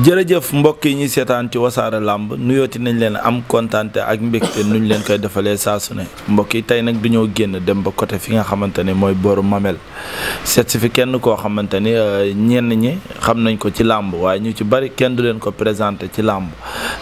jërëjëf mbokk yi ñuy seetaan ci wasaare làmb nuyooti nañ leen am kontaante ak mbégte nuñ leen koy defalee saa su ne mbokk yi tey nag dañoo génn dem ba côté fi nga xamante ne mooy booru Mamel seet si fi kenn koo xamante ni euh, ñenn ñi xam nañ ko ci làmb waaye ñu ci bari kenn du leen ko présenté ci làmb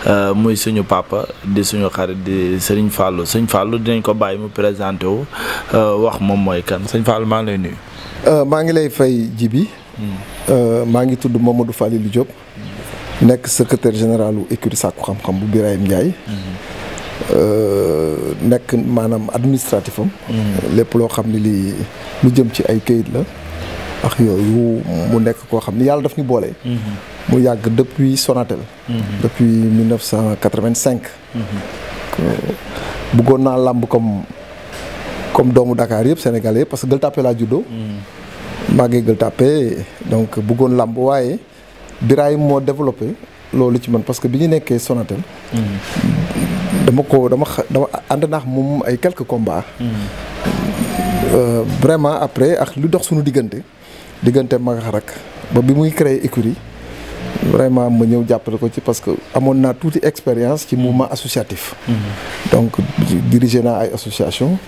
euh, muy suñu papa di suñu xarit di Serigne Fallou Serigne Fallou dinañ ko bàyyi mu présenté wu euh, wax moom mooy kan Serigne Fallou maa ngi lay nuyu. maa ngi lay fay ji bi hmm. maa ngi tudd Mamadou Falilou Diop. Hmm. nekk secretaire général u écurie Sàkku Xam-Xam bu Birahim Ndiaye euh, nekk maanaam administratif mm-hmm. lépp loo xam ne lii lu jëm ci ay këyit la ak yooyu mu nekk koo xam ni yàlla daf ñu boole. Mm-hmm. mu yàgg depuis Sonatel mm-hmm. depuis 1985 euh, bëggoon naa làmb comme comme doomu Dakar yëpp Sénégalais yëpp parce que Gueule Tapée laa juddoo maa ngi Gueule donc bëggoon làmb waaye Biraay moo développé loolu ci man parce que bi ñu nekkee Sonatel. dama ko dama dama ànd naax moom ay quelques combats. Euh, vraiment après ak lu dox suñu diggante diggante mag rek ba bi muy créé écurie vraiment ma ñëw jàppale ko ci parce que amoon naa tuuti expérience ci mouvement associatif. Mm-hmm. donc diriger naa ay association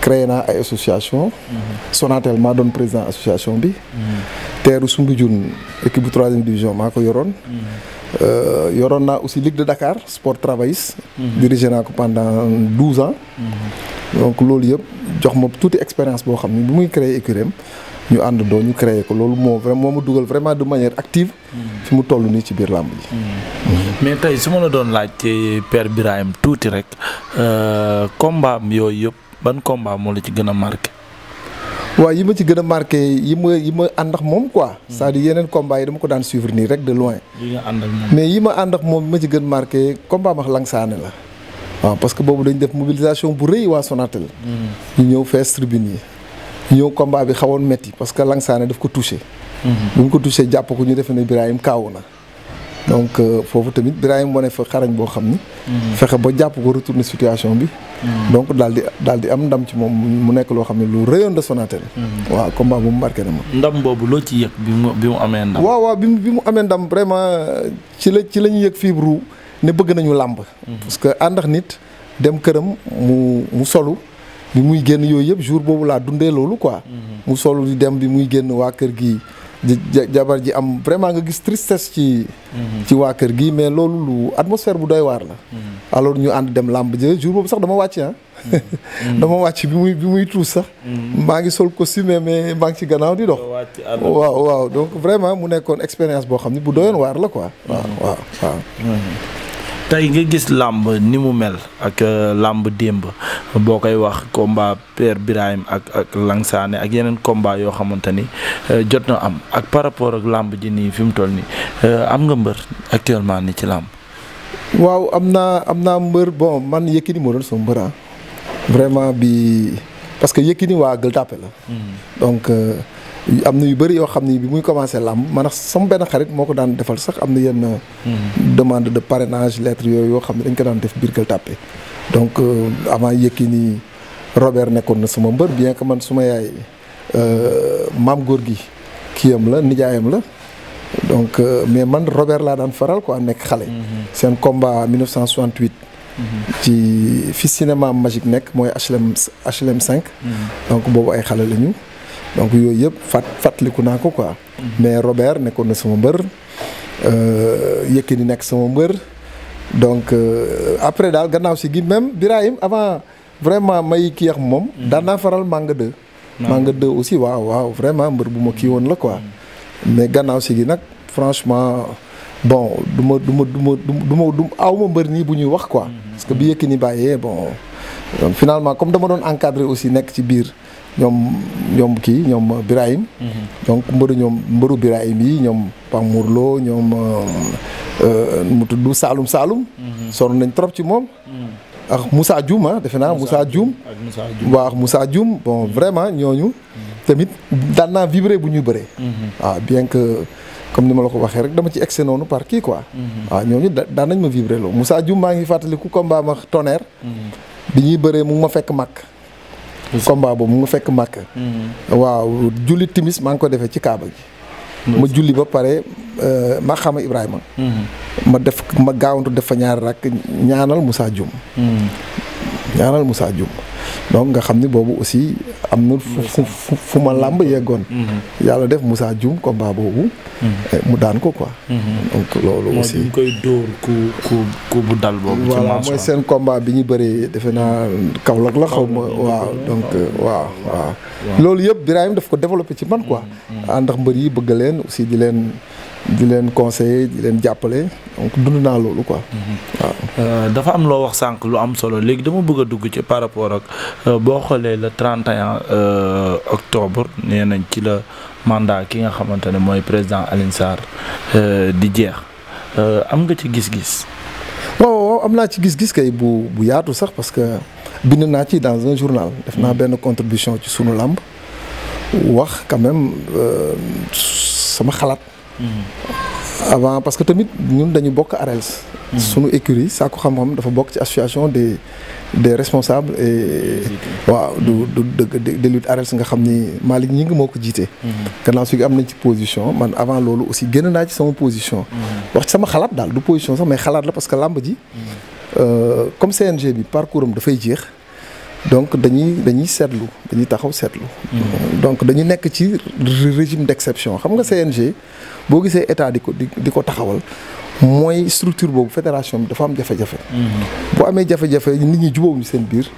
créer naa ay association mhm. Sonatel maa doon président association bi mhm. teeru Soumbédioune équipe bu troisième division maa ko yoroon mhm. euh, yoroon naa aussi Ligue de Dakar sport travailliste dirigé naa ko pendant douze ans donc loolu yëpp jox ma tuuti expérience boo xam ne bu muy créé écurie ñu ànd doo ñu créé ko loolu moo vraiment moo ma dugal vraiment de manière active fi mu toll nii ci biir làmb tey su ma la doon laaj ci Père Birahim tuuti rek euh, comme am yooyu yëpp ban combat moo la ci gën a marqué. waaw yi ma ci gën a marqué yi ma yi ma ànd ak moom quoi. Hmm. cest à yeneen combat yi dama ko daan suivre nii rek de loin. yi nga mais yi ma ànd ak moom yi ma ci gën marqué combat ma Langsaane la. waaw parce que boobu dañu def mobilisation bu rëy waa Sonatel. Hmm. ñu ñëw fees yi. ñëw combat bi xawoon metti parce que Langsaane daf ko touché. Hmm. bu ñu ko touché jàpp ko ñu def ne Ibrahim kaawu na. donc euh, foofu tamit Birahim wane fa xarañ boo xam ni. Mm-hmm. fexe ba jàpp ko retourner situation bi. Mm-hmm. donc daal di daal di am ndam ci moom mu nekk loo xam ne lu rayon de Sonatel. Mm-hmm. waaw combat bu mu marqué na ma. ndam boobu loo ci yëg bi mu bi mu amee ndam. waaw waaw bi mu bi mu amee ndam vraiment euh, ci la ci la ñu yëg fibre ne bëgg nañu làmb. parce que ànd ak nit dem këram mu mu solu. bi muy génn yooyu yëpp jour boobu laa dundee loolu quoi. mu solu di dem bi muy génn waa kër gi. jabar ji am vraiment nga gis tristesse ci mhm. ci waa kër gi mais loolu lu atmosphère bu doy waar la mhm. alors ñu ànd dem làmb ja jour boobu sax dama wàcc ah mhm. dama wàcc bi muy bi muy tuus sax maa ngi sol costume mais maa ngi ci gannaaw di dox waaw waaw donc vraiment mu nekkoon expérience boo xam ne bu doyoon waar la ko waaw waaw waaw tey nga gis làmb ni mu mel ak euh, làmb démb boo koy wax combat Père Birahim ak ak ak yeneen combat yoo xamante ni euh, jot na am ak par rapport ak làmb ji nii fi mu toll nii euh, am nga mbër actuellement ni ci làmb. waaw am na am naa mbër bon man Yékini moo doon sama mbër ah. vraiment bi parce que Yékini waa Gueule Tapée la hmm. donc. am na yu bëri yoo xam ni bi muy commencé làmb maanaam sama benn xarit moo ko daan defal sax am na yenn. Hmm. demande de parrainage lettre yooyu yoo xam ne dañ ko daan def biir Gueule Tapée donc euh, avant nii Robert nekkoon na sama mbër bien ko man suma yaay euh, maam góor gi kiyam la nijaayam la. donc euh, mais man Robert laa daan faral quoi nekk xale. Hmm. seen combat 1968. Hmm. ci fi cinéma magique nekk mooy HLM HLM 5. donc boobu ay xale la ñu. donc yooyu yëpp fat fàttaliku naa ko quoi. mais Robert nekkoon na sama mbër euh, Yékini nekk sama mbër donc euh, après daal gannaaw si gi même Birahim avant vraiment may kii ak moom. Mm-hmm. daan naa faral màng 2. màng 2 aussi waaw waaw vraiment mbër bu ma kii woon la quoi. Mm-hmm. mais gannaaw si gi nag franchement bon du ma du ma du ma du ma du aw ma mbër nii bu ñuy wax quoi. Mm-hmm. parce que bi Yékini bàyyee bon. donc finalement comme dama doon encadré aussi nekk ci biir. ñoom ñoom kii ñoom euh, Birahim. Mhm. donc mbëru ñoom mbëru Birahim yi ñoom Pam Mourlo ñoom euh, euh, mu tudd Saalum Saalum. Mhm. sonn nañ trop ci moom. Mhm. ak Moussa Dioum ah defe naa Moussa Dioum. ak Moussa Dioum waaw ak Moussa bon vraiment ñooñu. tamit daan naa vibrer bu ñuy bëree. waaw ah, bien que comme ni ma la ko waxee rek dama ci excès noonu par kii quoi. waaw ah, ñooñu daan nañ ma vibrer loolu Moussa Dioum maa ngi fàttaliku combat ma tonnerre. bi ñuy bëree mu ma fekk màkk. combat boobu mu nga fekk màkk mm-hmm. waaw julli timis maa ngi ko defee ci kaaba ji ma julli ba pare euh, ma xama Ibrahima mm-hmm. ma def ma gaawantu def fa ñaari rakk ñaanal Moussa Dioum mm-hmm. ñaanal Moussa Dioum donc nga xam ni boobu aussi am na fu fu ma làmb yeggoon mhm. yàlla def musaa Dioum combat boobu mhm. eh, mu daan ko quoi mhm. donc loolu aussi ñu koy ku ku ku bu dal mooy seen combat bi ñu bëree defe naa Kaolack la xaw ma waaw donc euh, waaw waaw loolu yëpp Birahim daf ko développé ci man quoi ndax mbër yi bëgg leen aussi di leen di leen conseiller di leen jàppale donc dund naa loolu quoi. Euh, dafa am loo wax sànq lu am solo léegi dama bëgg a dugg ci par rapport ak euh, boo xoolee le 31 euh, octobre nee nañ ci la mandat ki nga xamante ne mooy président Alioune Sarr di jeex am nga ci gis-gis. waaw am naa ci gis-gis kay bu bu yaatu sax parce que bind naa ci dans un journal def naa mm. benn contribution ci sunu làmb wax quand sama xalaat. avant parce que tamit ñun dañu bokk ARELS. Hmm. sunu écurie Sakku Xam-Xam dafa bokk ci association des des responsables et. waaw du hmm. du de de lutte ARELS nga xam ni Malick ñu ngi moo ko jiite. Hmm. gannaaw su am nañ ci position man avant loolu aussi génn naa ci sama position. wax ci sama xalaat daal du position sax mais xalaat la parce que làmb ji. Euh, comme CNG bi parcours am dafay jeex. donc dañuy dañuy seetlu dañuy taxaw seetlu. Hmm. donc dañu nekk ci régime d'exception xam nga CNG boo gisee état di ko di ko taxawal mooy structure boobu fédération bi dafa am jafe-jafe. Hmm. boo amee jafe-jafe nit ñi jubóowuñu seen biir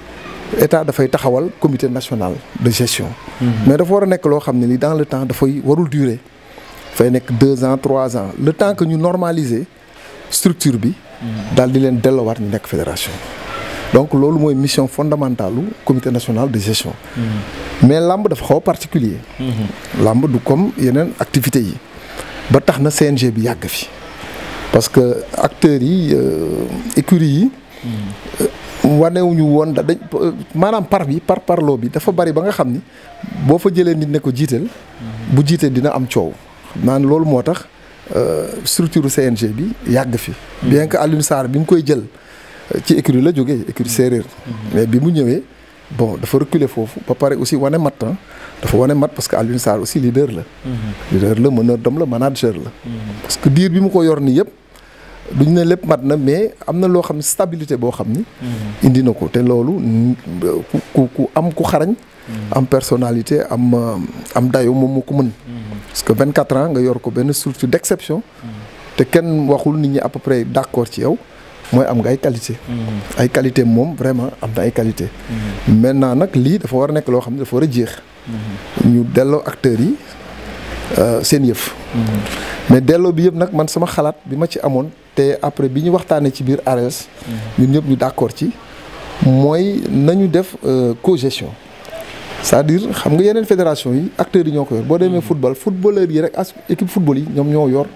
état dafay taxawal comité national de gestion. Hmm. mais dafa war a nekk loo xam ne ni dans le temps dafay warul durer. fay nekk deux ans trois ans le temps que ñu normaliser structure bi. daal di leen delluwaat ñu nekk fédération. donc loolu mooy mission fondamentale lu comité national de gestion. Mm-hmm. mais làmb dafa xaw a particulier. Mm-hmm. làmb du comme yeneen activités yi ba tax na CNG bi yàgg fi parce que acteurs yi euh, écurie yi. Mm-hmm. Euh, wanewuñu woon da euh, maanaam par bi par parloo bi dafa bari ba nga xam ni boo fa jëlee nit ne ko jiital. bu jiitee dina am coow. maan loolu moo tax structure CNG bi yàgg fi. bien que Alioune Sarr bi ñu koy jël. ci écurie la jógee écurie séeréer. mais bi mu ñëwee bon dafa reculer foofu ba pare aussi wane mat dafa wane mat parce que Alioune Sarr aussi leader la. Mhm. leader la meneur d'hommes la manager la. Mhm. parce que diir bi mu ko yor nii yëpp. ñu ne lépp mat na mais am na loo xam ne stabilité boo xam ni. Mhm. indi na ko te loolu ku ku am ku xarañ. am personnalité am am dayo moom mu ko mën. parce que vingt quatre ans nga yor ko benn structure d'exception. te kenn waxul nit ñi à peu près d'accord ci yow. mooy am nga ay qualité mhm. ay qualité moom vraiment am na ay qualité mhm. maintenant nag lii dafa war a nekk loo xam ne dafa war a jeex mhm. ñu delloo acteurs yi euh, seen yëf mais delloo bi yëpp nag man sama xalaat bi ma ci amoon te après bi ñu waxtaanee ci biir ARS ñun ñëpp ñu d'accord ci mooy nañu def euh, co gestion sa c'est-à-dire xam nga yeneen fédération yi acteur yi ñoo ko yor boo demee football footballeur yi rek as équipe football yi ñoom ñoo yor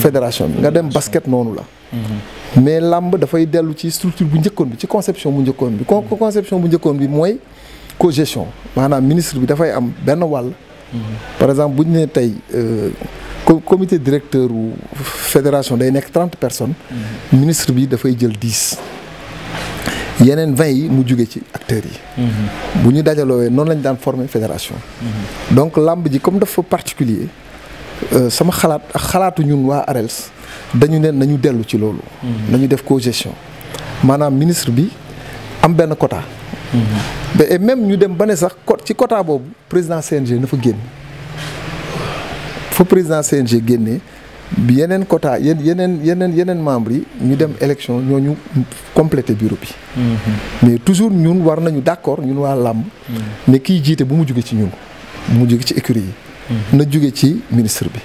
fédération bi nga dem basket noonu la mais làmb dafay dellu ci structure bu njëkkoon bi ci conception bu njëkkoon bi kon conception bu njëkkoon bi mooy cogestion maanaam ministre bi dafay am benn wàll par exemple bu ñu nee tey euh, commité directeur wu fédération day nekk trente personnes ministre bi dafay jël dix yeneen vingt yi mu jóge ci acteurs yi mhm. bu ñu dajaloowee noonu lañ daan former fédération mhm. donc làmb ji comme dafa particulier Euh, sama xalaat ak xalaatu ñun waa ARELS dañu ne nañu dellu ci loolu. Mhm. nañu def cogestion maanaam ministre bi am benn quota. Mhm. et même ñu dem ba ne sax ci quota boobu président CNG na fa génn fa président CNG génnee bi yeneen quota yeneen yeneen yeneen membres yi ñu dem élection ñooñu complété bureau bi. Mhm. mais toujours ñun war nañu d'accord ñun waa làmb. ne kiy jiite bu mu jóge ci ñun bu mu jóge ci écurie yi. Mm-hmm. na jóge ci ministre bi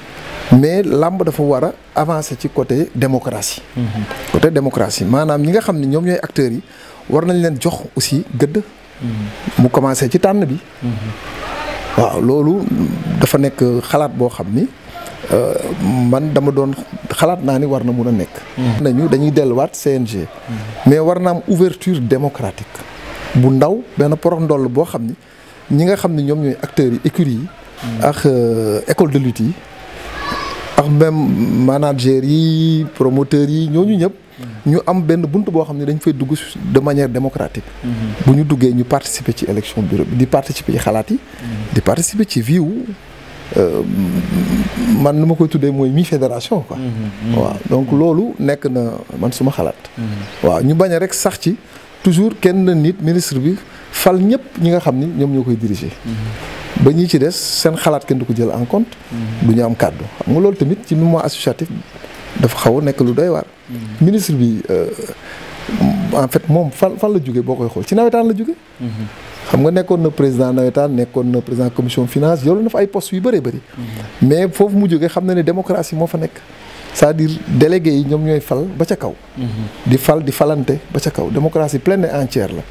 mais làmb dafa war a avancer ci côté démocratie mm-hmm. côté démocratie maanaam ñi nga xam ne ñoom ñooy acteur yi war nañ leen jox aussi gëdd mm-hmm. mu commencé ci tànn bi waaw loolu dafa nekk xalaat boo xam ni euh, man dama doon xalaat naa ni war na mun a nekk nañu dañuy delluwaat CNG mais war na am ouverture démocratique bu ndaw benn porox ndoll boo xam ni ñi nga xam ne ñoom ñooy acteur yi écurie yi ak euh, école de lutte yi ak même manager yi promoteur yi ñooñu ñëpp. Mm-hmm. ñu am benn bunt boo xam ne dañ fay dugg de manière démocratique. Mm-hmm. bu ñu duggee ñu participer ci élection bureau bi di participer ci xalaat yi. Mm-hmm. di participer ci vie wu euh, man nu ma koy tuddee mooy mi fédération quoi. waaw donc loolu nekk na man suma xalaat. waaw ñu bañ a rek sax ci toujours kenn nit ministre bi fal ñëpp ñi nga xam ni ñoom ñoo koy diriger. ba ñu ci des seen xalaat kenn du ko jël en compte. Mm-hmm. ñu am kàddu xam nga loolu tamit ci mouvement associatif dafa xaw nekk lu doy waar. Mm-hmm. ministre bi euh, en fait moom fan fan la jóge boo koy xool ci nawetaan la jóge mm-hmm. xam nga nekkoon na président nawetaan nekkoon na président commission finance yoroon na fa ay post yu bëree bëri. mais foofu mu jógee xam ne ne démocratie moo fa nekk. c'est-à-dire délégué yi ñoom ñooy fal ba ca kaw. di fal di falante ba ca kaw démocratie pleine et entière la.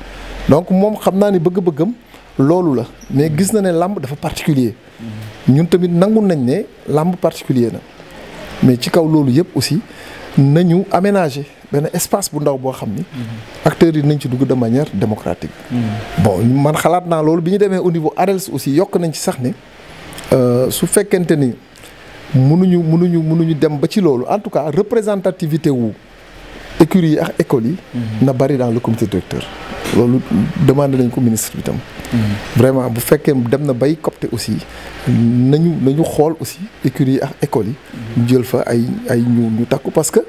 donc moom xam naa ni bëgg-bëggam loolu la mais gis na ne làmb dafa particulier ñun tamit nangu nañ ne làmb particulier na mais ci kaw loolu yëpp aussi nañu aménager benn espace bu ndaw boo xam ni acteurs yi nañ ci dugg de manière démocratique bon man xalaat naa loolu bi ñu demee au niveau ARELS aussi yokk nañ ci sax ne euh, su fekkente ni mënuñu mënuñu mënuñu dem ba ci loolu en tout cas représentativité wu écuries yi ak école yi. na bari dans le comité directeur. loolu demande nañ ko ministre bi tam. vraiment bu fekkee dem na bay copte aussi nañu nañu xool aussi écuries yi ak écoles yi. ñu jël fa ay ay ñu ñu takku parce que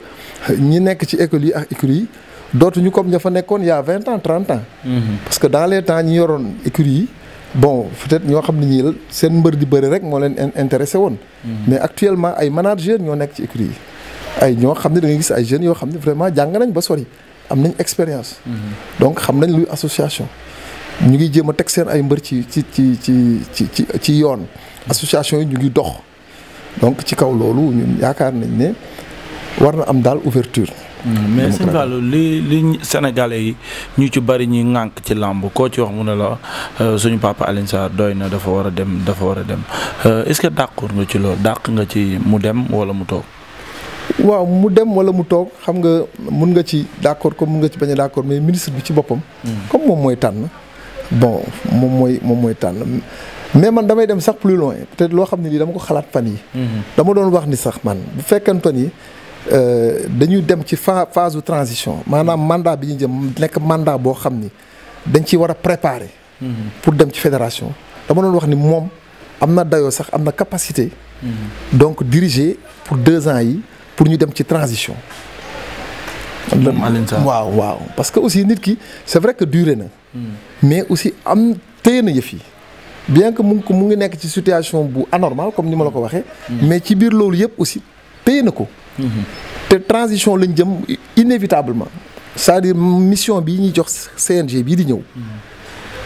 ñi nekk ci école yi ak écuries yi dootuñu comme ña fa nekkoon y' a vingt ans trente ans. Mhm. parce que dans les temps ñi yoroon écuries yi. bon peut-être ñoo xam ne ñii seen mbër di bëri rek moo leen intéressé woon. Mhm. mais actuellement ay managers ñoo nekk ci écuries yi. ay ñoo xam ne da ngay gis ay jeunes yoo xam ne vraiment jàng nañ ba sori am nañ expérience. Mm-hmm. donc xam nañ luy association. ñu ngi jéem a teg seen ay mbër ci ci ci ci ci ci yoon. association yi ñu ngi dox. donc ci kaw loolu ñun yaakaar nañ ne war na am daal ouverture mm-hmm. mais sëñ Fallou li li yi ñu ci bari ñuy ŋànk ci làmb koo ci wax mun ne la euh, suñu papa Alioune doy na dafa war a dem dafa war a dem euh, est-ce que dàqoon nga ci loolu dàq nga ci mu dem wala mu toog. waaw mu dem wala mu toog xam nga mun nga ci d'accord comme mun nga ci bañ a d'accord mais ministre bi ci boppam. Hmm. comme moom mooy tànn. bon moom mooy moom mooy tànn mais man damay dem sax plus loin peut loo xam ne lii dama ko xalaat fan yi hmm. dama doon wax ni sax man bu fekkantoon ni euh, dañuy dem ci fa phase de transition maanaam mandaa bi ñu jëm nekk mandaa boo xam ni dañ ci war a préparer. Hmm. pour dem ci fédération dama doon wax ni moom am na dayoo sax am na capacité. donc diriger pour deux ans yi. pour ñu dem ci transition. waaw waaw parce que aussi nit ki c'est vrai que duré na. Hmm. mais aussi am téye na yëf yi. bien que mu ngi mu ngi nekk ci situation bu anormal comme ni ma la ko waxee. Hmm. mais ci biir loolu yëpp aussi téye na ko. Hmm. te transition lañ jëm inévitablement. cest à mission bii ñuy jox CNG bii di ñëw.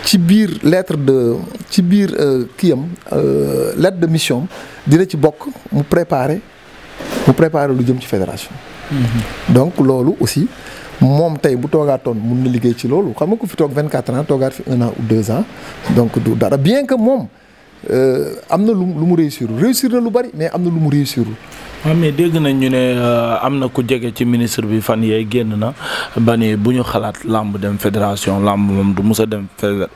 ci biir lettre de ci biir euh, kii am euh, lettre de mission dina ci bokk mu préparer. mu préparer lu jëm ci fédération. Mhm. donc loolu aussi moom tey bu toon mun na liggéey ci loolu xam nga ku fi toog 24 ans toogaat fi un an ou deux ans donc du dara bien que moom. Euh, am na lu lu mu réussir réussir na lu bari mais am na lu mu réussirul. Ah, mais dégg nañ ñu ne euh, am na ku jege ci ministre bi fan yee génn na ba ni bu ñu xalaat làmb dem fédération làmb moom du mus a dem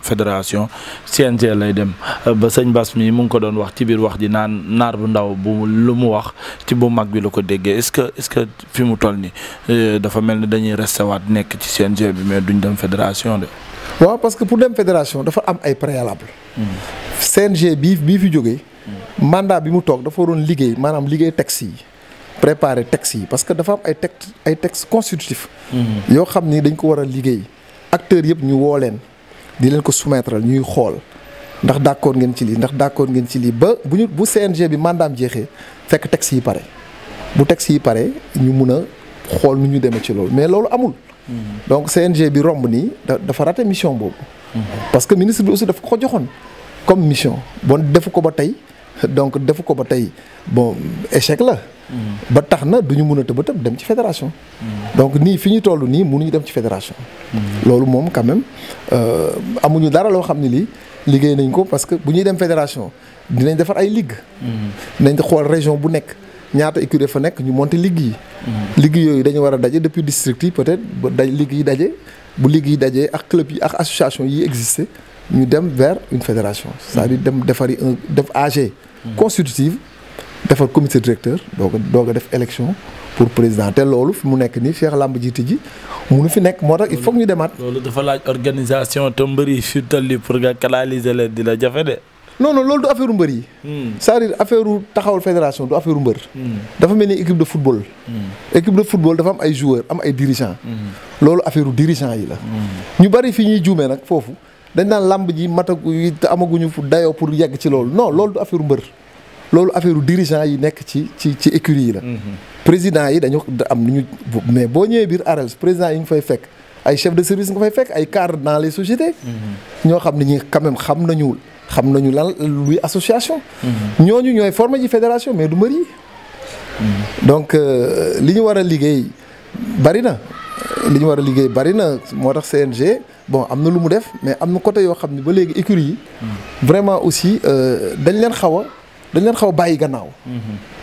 fédération CNG lay dem euh, ba sëñ Bass mii mu ngi ko doon wax ci biir wax ji naar bu ndaw bu lu mu wax ci bu mag bi la ko déggee est-ce que est-ce que fi mu toll nii dafa mel ni dañuy rester nekk ci CNG bi mais duñ dem fédération de. waaw parce que pour dem fédération dafa am ay préalable CNG bii bii fi jógee mandat bi mu toog dafa waroon liggéey maanaam liggéey texte yi préparer texte yi parce que dafa am ay texte ay texte constitutif yoo xam ni dañ ko war a liggéey acteurs yëpp ñu woo leen di leen ko soumettre ñuy xool ndax d'accord ngeen ci lii ndax d'accord ngeen ci lii ba bu ñu bu CNG bi mandaam jeexee fekk texte yi pare bu texte yi pare ñu mun a xool nu ñu demee ci loolu mais loolu amul Mm-hmm. donc CNG bi romb nii dafa raté mission boobu. Mm-hmm. parce que ministre bi aussi dafa ko ko joxoon comme mission bon defu ko ba tey donc defu ko ba tey bon échec la. Mm-hmm. ba tax na du ñu mën a tëb tëb dem ci fédération. donc nii fi ñu toll nii mënuñu dem ci fédération. loolu moom quand même euh, amuñu dara loo xam ne lii liggéey nañ ko parce que bu ñuy dem fédération dinañ defar ay ligue. dinañ xool région bu nekk. ñaata écurie fa nekk ñu monter ligue liggéey ligue yooyu dañu war a daje depuis district yi peut-être ba daj ligue daje bu liggéey yi dajee ak club yi ak association yi existé ñu dem vers une fédération. c'est-à-dire dem defari un def age constitutive defar comité directeur doog a doog a def élection pour président te loolu fi mu nekk nii Cheikh Lamb jiite ji munu fi nekk moo tax il faut ñu demaat. dafa laaj organisation te mbëri fi toll pour nga canaliser leen di la jafe de. noonu loolu du affaire mbër yi. Hmm. c'est-à-dire affaire taxawal fédération du affaire mbër. Hmm. dafa mel ni équipe de football. Hmm. équipe de football dafa am ay joueurs am ay dirigeants. loolu affaire dirigeants yi la. ñu bari fi ñuy juumee nag foofu dañ naan làmb ji matagu te amaguñu dayoo pour yegg ci loolu no loolu du affaire mbër. loolu affaire dirigeants yi nekk ci ci ci écurie yi la. président yi dañu am nu ñu mais boo ñëwee biir AREELS président yi nga fay fekk ay chef de service nga fay fekk ay cadres xam ne ñi quand même xam nañu. xam nañu lan luy association. Mm-hmm. ñooñu ñooy former ji fédération mais du mbër mm-hmm. donc euh, li ñu war a liggéey bari na. li ñu war a liggéey bari na moo tax CNG bon am na lu mu def mais am na côté yoo xam ne ba léegi écurie yi. Mm-hmm. vraiment aussi euh, dañ leen xaw a dañ leen xaw bàyyi gannaaw.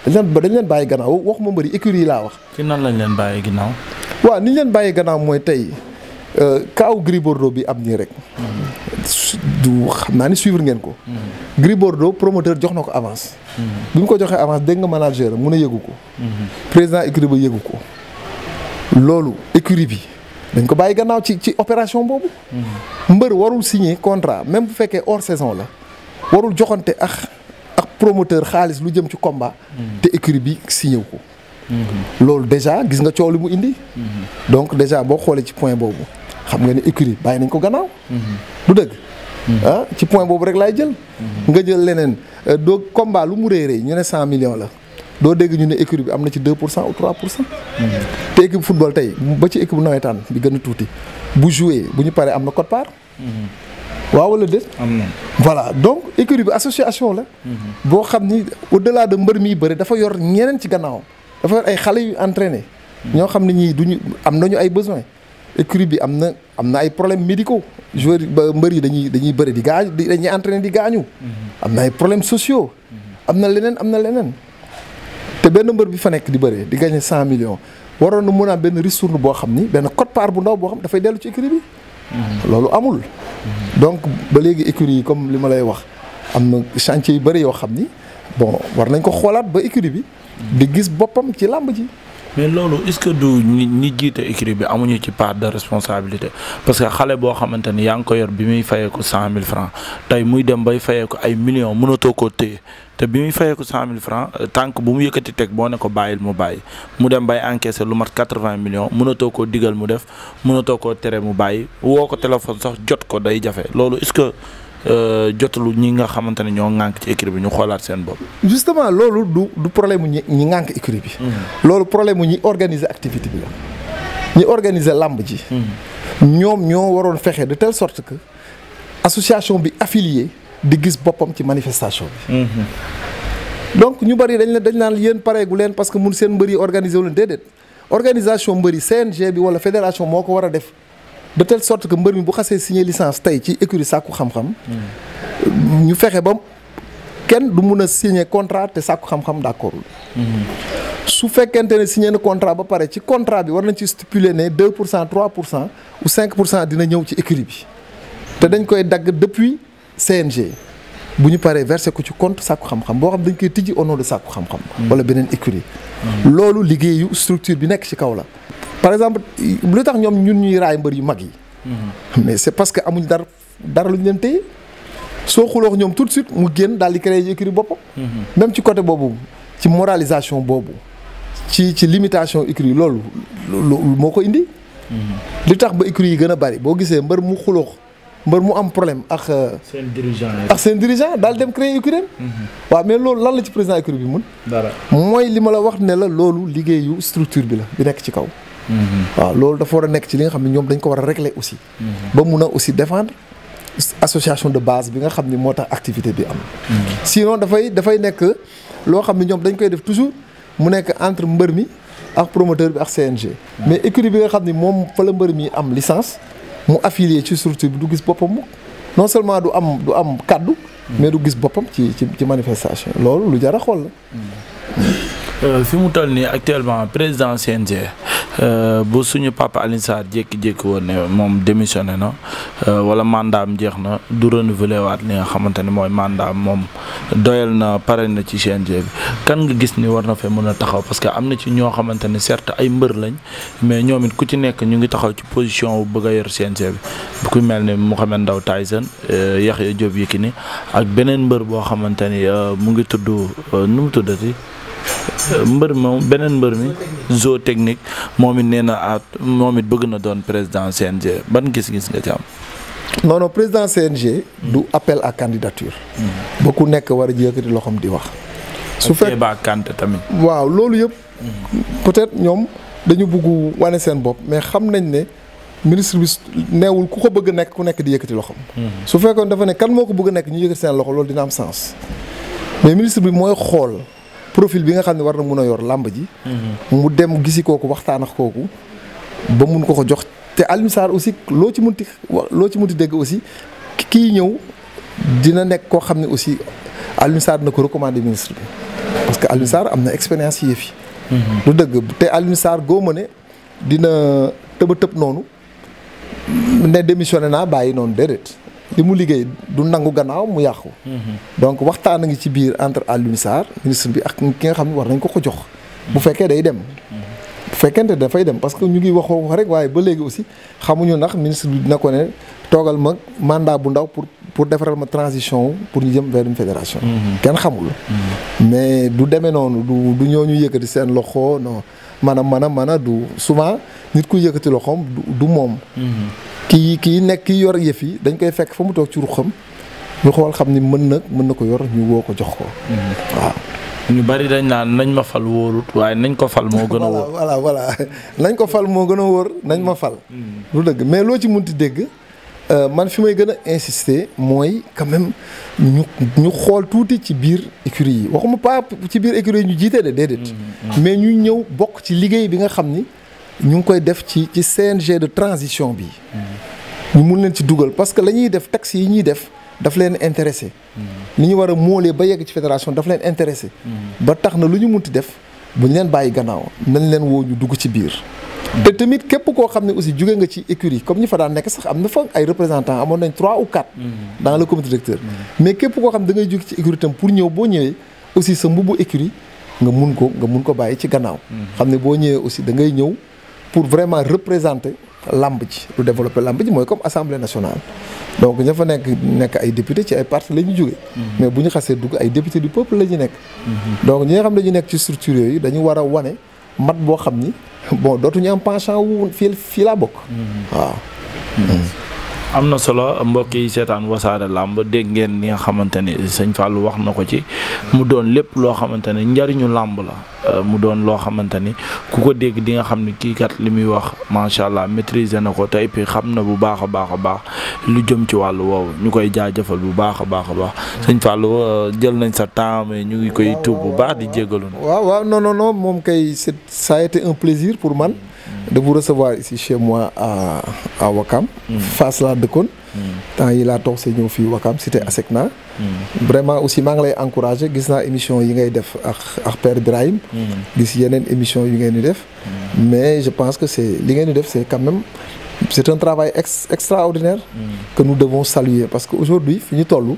dañ leen dañ leen bàyyi gannaaw waxuma mbëri écurie yi laa wax. ci nan lañ leen bàyyi waaw ni leen bàyyi gannaaw mooy tey. kaaw euh, Gris Bordeaux bi am nii rek. du xam naa ni suivre ngeen ko. Gris Bordeaux promoteur jox na ko avance. Mhm. bi mu ko joxee avance dégg nga manager mun a yëgu ko. Mhm. président écurie ba yëgu ko. loolu écurie bi dañ ko bàyyi gannaaw ci ci opération boobu. Mhm. mbër warul signer contrat même bu fekkee hors saison la warul joxante ak ak promoteur xaalis lu jëm ci combat. te écurie bi signé ko. loolu déjà gis nga coow li mu indi. donc déjà boo xoolee ci point boobu. xam nga ne écurie bàyyi nañ ko gannaaw. du dëgg. Ah ci point boobu rek laay jël. nga jël leneen euh, doo combat lu mu rëy rëy ñu ne cent millions la. doo dégg ñu ne écurie bi am na ci 2 pour cent ou 3 pour cent. te équipe football tey ba ci équipe nawetaan bi gën a tuuti bu joué bu ñu paree am na quote-part. waaw wala de am voilà donc écurie bi association la. boo xam ni au delà de mbër mi bëri dafa yor ñeneen ci gannaaw dafa yor ay xale yu entraîné. ñoo xam ne ñii du ñu am nañu ay besoins. écurie bi am na am na ay problèmes médicaux joueurs ba mbër yi dañuy dañuy bëri di gaañ dañuy entraîner di gaañu. Mhm. am na ay problèmes sociaux. Mhm. am na leneen am na leneen. te benn mbër bi fa nekk di bëree di gagné cent million waroon na mun a am benn ristourne boo xam ni benn quote-part bu ndaw boo xam dafay dellu ci écurie bi. Mhm. loolu amul. donc ba léegi écurie yi comme li ma lay wax am na chantier yu bëri yoo xam ni bon war nañ ko xoolaat ba écurie bi. di gis boppam ci làmb ji. mais loolu est-ce que du ñi ñi jiite écrit bi amuñu ci part de responsabilité parce que xale boo xamante ni yaa ngi ko yor bi muy fayee cent mille francs tey muy dem bay fayee ko ay million mënatoo koo téye te bi muy fayee cent mille francs euh, tànk bu mu yëkkati teg boo ne ko bàyyil mu bàyyi mu dem bay encaisser lu mat quatre vingt million mënatoo koo digal mu def mënatoo koo tere mu bàyyi woo ko téléphone sax jot ko day jafe loolu est que. Euh, jotalu ñi nga xamante ne ñoo ŋànk ci écurie bi ñu xoolaat seen bopp. justement loolu du du problème mu ñi ñi ŋànk écurie bi. Mhm. loolu problème mu ñi organiser activité bi la. ñi organiser làmb ji. Mhm. ñoom ñoo waroon fexe de tele sorte que association bi affiliée di gis boppam ci manifestation bi. Mhm. donc ñu bari dañ la dañ naan yéen pareegu leen parce que mun seen mbër yi organiser wu leen déedéet organisation mbër yi CNG bi wala fédération moo ko war a def. de telle sorte que mbër mi bu xasee signé licence tey ci écurie sàkku xam-xam. ñu fexe ba kenn du mun a signé contrat te sàkku xam-xam d'accord. su fekkente ne signé na contrat ba pare ci contrat bi war nañ ci stipuler ne 2 pour cent 3 pour cent ou 5 pour cent dina ñëw ci écurie bi. te dañ koy dagg depuis CNG bu ñu paree versé ko ci contre sàkku xam-xam boo xam dañ koy tijji au nom de sàkku xam-xam. Mm. wala beneen écurie. Mm. loolu liggéeyu structure bi nekk ci kaw la. par exemple lu tax ñoom ñun ñuy raay mbër yu mag yi. Mhm. mais c'est parce que amuñ dara dara luñ leen téye soo xuloox ñoom tout de suite mu génn daal di créer écurie boppam. Mhm. même ci côté boobu ci moralisation boobu ci ci limitation écurie loolu moo ko indi. Mhm. li tax ba écurie yi gën a bari boo gisee mbër mu xuloox mbër mu am problème ak. Euh, seen dirigeant ak seen dirigeant daal dem créer écurie waaw mais loolu lan la ci président écurie bi mun. dara mooy li ma la wax ne la loolu liggéeyu structure bi la bi nekk ci kaw. Mm-hmm. waaw loolu dafa war a nekk ci li nga xam ne ñoom dañ ko war a régler aussi. Mm-hmm. ba mun a aussi défendre association de base bi nga xam ni moo tax activité bi am. Mm-hmm. sinon dafay dafay nekk loo xam ne ñoom dañ koy def toujours mu nekk entre mbër mi ak promoteur bi ak CNG. mais écurie bi nga xam ni moom fa la mbër mi am licence mu affilié ci structure bi du gis boppam non seulement du am du am kàddu. mais du gis boppam ci ci ci manifestation loolu lu jar a xool la. Euh, fi mu toll nii actuellement président CNG. Euh, bu suñu papa Alioune Sarr jékki-jékki woon ne moom démissionné na euh, wala mandaam jeex na du renouveler waat li nga xamante ne mooy màndaam moom doyal na pare na ci CNG bi kan nga gis ni war na fee mën a taxaw parce que am na ci ñoo xamante ne certes ay mbër lañ mais ñoom it ku ci nekk ñu ngi taxaw ci position bu bëgg a yor CNG bi ku mel ni Mouhamed Ndao Tyson euh, Yaxya Diop ni ak beneen mbër boo xamante ni mu ngi tudd nu mu tuddati mbër moom beneen mbër mi technique moom it nee na ah moom it bëgg na doon président CNG ban gis-gis nga ci am. non président CNG. Hmm. du appel ak candidature. Hmm. ba ku nekk war a yëkkati loxoom di wax. su fekkee ba Kanté tamit. waaw loolu yëpp. Hmm. peut-être ñoom dañu bugg wane seen bopp mais xam nañ ne ministre bi neewul ku ko bëgg nekk ku nekk di yëkkati loxoom. su fekkoon dafa ne kan moo ko bëgg nekk ñu yëkkati seen loxo loolu dina am sens. mais ministre bi mooy xool. profil bi nga xam ne war na mun a yor làmb ji. mu dem gisi kooku waxtaan ak kooku ba mun ko ko jox te Alioune aussi loo ci munti loo ci munti dégg aussi kii ñëw dina nekk koo xam ne aussi Alioune Sarr dina ko recommander ministre bi parce que Alioune Sarr am na expérience yëf yi. lu dëgg te Alioune Sarr góoma ne dina tëba tëb noonu ne démissionné naa bàyyi noonu déedéet. li mu liggéey du nangu gannaaw mu yàqu. Mhm. donc waxtaan a ngi ci biir entre Alioune Sarr ministre bi ak ki nga xam ne war nañ ko ko jox. bu mhm. fekkee day dem. Mhm. bu fekkente dafay dem parce que ñu ngi waxoo wax rek waaye ba léegi aussi xamuñu ndax ministre bi dina ko ne toogal ma mandat bu ndaw pour pour defaral ma transition pour ñu jëm vers une fédération. kenn xamul. mais du demee noonu du du ñoo ñu yëkkati seen loxo non. maanaam maanaam maanaam du souvent nit ku yëkkati loxoom du moom. Mhm. kii kii nekk kii yor yëf yi dañ koy fekk fa mu toog ci ruxam ñu xool xam ni mën na mën na ko yor ñu woo ko jox ko. Mhm. ñu bari dañ naan nañ ma fal wóorut waaye nañ ko fal moo gën a wóor. voilà nañ ko fal moo gën a wóor nañ ma fal. Mhm. lu dëgg mais loo ci munti dégg. Euh, man fi may gën a insister mooy quand même ñu xool tuuti ci biir écurie yi waxuma pas ci biir écurie yi ñu jiitee de déedéet. Mm-hmm. Mm-hmm. mais ñu ñëw bokk ci liggéey bi nga xam ni ñu ngi koy def ci ci CNG de transition bi. Mm-hmm. ñu mun leen ci dugal parce que la ñuy def taxi yi ñuy def daf leen intéressé. li ñu war a moolee ba yegg ci fédération daf leen intéressé. ba tax na lu ñu munti def buñ leen bàyyi gannaaw nañ leen woo ñu dugg ci biir. te tamit képp koo xam ne aussi jóge nga ci écurie comme ñu fa daan nekk sax am na fa ay représentants amoon nañ trois ou quatre. Mm-hmm. dans le comité directeur. Mm-hmm. mais képp koo xam da ngay jóge ci écurie tam pour ñëw boo ñëwee aussi sa mbubu écurie nga mun ko nga mun ko bàyyi ci gannaaw. Mm-hmm. xam ne boo ñëwee aussi dangay ñëw pour vraiment représenter làmb ci lu développer làmb ji mooy comme assemblée nationale. donc ña fa nekk nekk ay député ci ay parti la ñu jóge mais bu xasee dugg ay député du peuple la ñu nekk. donc ñi nga xam ne dañu nekk ci structure yooyu dañu war a wane. mat boo xam ni bon dootuñu am penchant wu fii fii laa bokk mm-hmm. am na solo mbokk yi seetaan wasaare làmb dégg ngeen li nga xamante ni sëñ Fallou wax na ko ci mu doon lépp loo xamante ne njariñu làmb la euh, mu doon loo xamante ni ku ko dégg di nga xam ni kii kat li muy wax macha allah maîtriser na ko tey puis xam na bu baax a baax a baax lu jëm ci wàll woowu ñu koy jaajëfal bu baax a baax a baax sëñ Fallou euh, jël nañ sa temps mais ñu ngi koy tuub bu baax di jégalu. waaw waaw non non moom kay ça été un plaisir pour man. de vous recevoir ici chez moi à à Wakam. Mm. Fass laa dëkkoon. Mm. temps yi laa toog see ñëw fii Wakam cité Asecna. Mm. vraiment aussi maa ngi lay encouragé gis naa émission yi ngay def ak ak Père Birahim. gis yeneen émission yi ngeen di def. mais je pense que c' est li ngeen di def c' est quand même c' est un travail ex extraordinaire. que nous devons saluer parce que aujourd'hui fi ñu tollu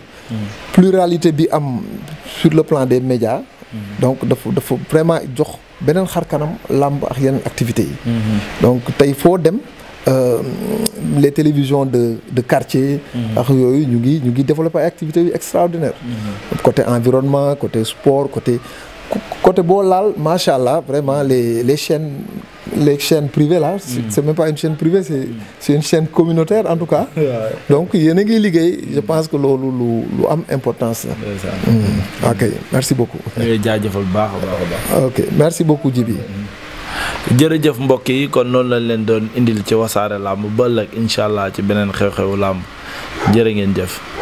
pluralité bi am sur le plan des médias. donc dafa dafa vraiment jox. beneen xar kanam làmb ak yenn activités yi. Mhm. donc tey foo dem. Euh, les télévisions de de quartier. Mhm. ak yooyu ñu ngi ñu ngi développé ay activités yu extraordinaire. Mm côté environnement côté sport côté côté boo laal macha allah vraiment les les chaînes les chaînes privées là. Mm. c'est même pas une chaîne privée c'est une chaîne communautaire en tout cas. donc yéen a ngi liggéey je pense que loolu lu lu am importance la. Mm. ok merci beaucoup. jaajëfal baax a baax a baax. ok merci beaucoup Djibi. Mm. jërëjëf mbokk yi kon noonu lañ leen doon indil ci wasaare làmb ba ëllëg incha allah ci beneen xew-xewu làmb jërë ngeen jëf.